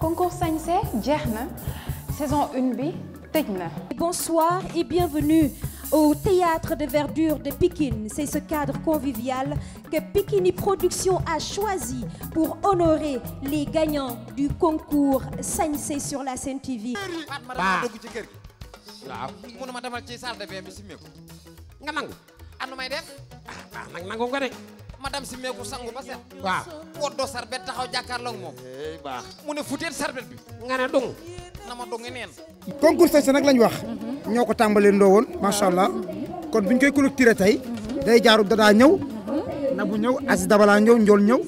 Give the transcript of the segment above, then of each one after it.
concours sañse jeex saison 1 B, techna. bonsoir et bienvenue au théâtre de verdure de Pikine c'est ce cadre convivial que Pikini Production a choisi pour honorer les gagnants du concours sañse sur la scène TV. Ah, ah, ah. madame si meku sangu ba set ya? waaw woddoo sarbet taxaw jàkkaarloog moom eh, baax mu ne futeen sarbet bi nga ne dong nama dong neen concours tey sa nag lañ wax ñoko ko ndo won woon allah kon buñ koy clôturer tay day jaaru dadaa ñew na bu ñëw Aziz Dabala ñew ndol ñew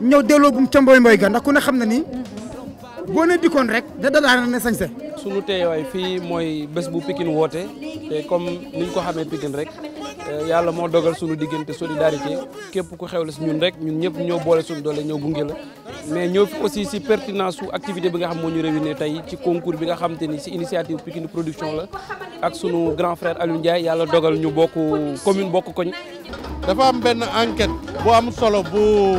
ñew delo bu mu ca mboy mboy ga ndax ku ne xamna ni bo ne dikon rek da dadaa na ne sañse suñu teewaay fii mooy bés bu Pikine woote te comme niñ ko xamee Pikine rek eh, yàlla moo dogal sunu diggante solidarité képp ku xewle si ñun rek ñun ñëpp ñoo boole suñu doole ñoo gunge la mais ñoo fi aussi si pertinance su activité bi nga xam moo ñu réunir tey ci concours bi nga xam te ni si initiative Pikine production la ak sunu grand frère Aliou Ndiaye yàlla dogal ñu bokk commune bokk koñ dafa am benn enquête boo am solo bu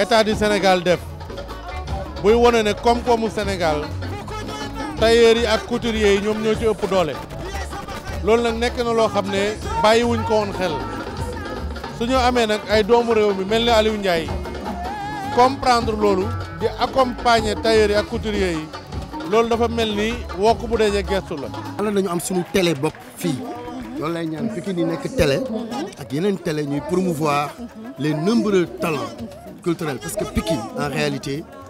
état du Sénégal def buy wane ne koom-koomu tailleurs yi ak couturiers yi ñoom ñoo ci ëpp doole loolu nag nekk na loo xam ne bàyyiwuñ ko woon xel su ñu amee nag ay doomu réew mi mel ni Aliou Ndiaye comprendre loolu di accompagner tailleurs ak couturiers yi loolu dafa mel ni wokk bu dee gestu la. yàlla nañu am suñu télé bopp fii loolu lay ñaan Pikine yi nekk télé ak yeneen télé ñuy promouvoir les nombreux talents culturels parce que Pikine en réalité.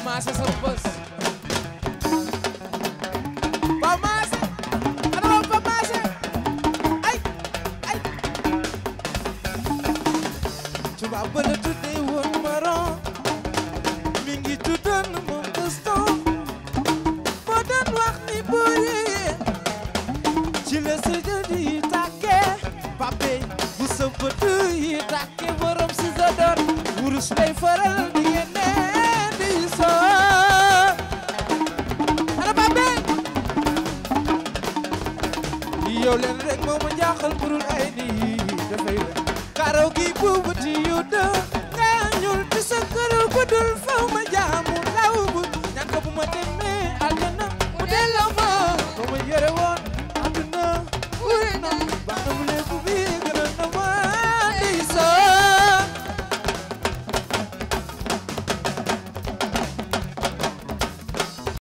Pamaase sa bës Pamaase ana waa Pamaase ay ay Tuubaa ba la tuddee yow leen rek moo ma jaaxal burul ay nii dafay karaw gi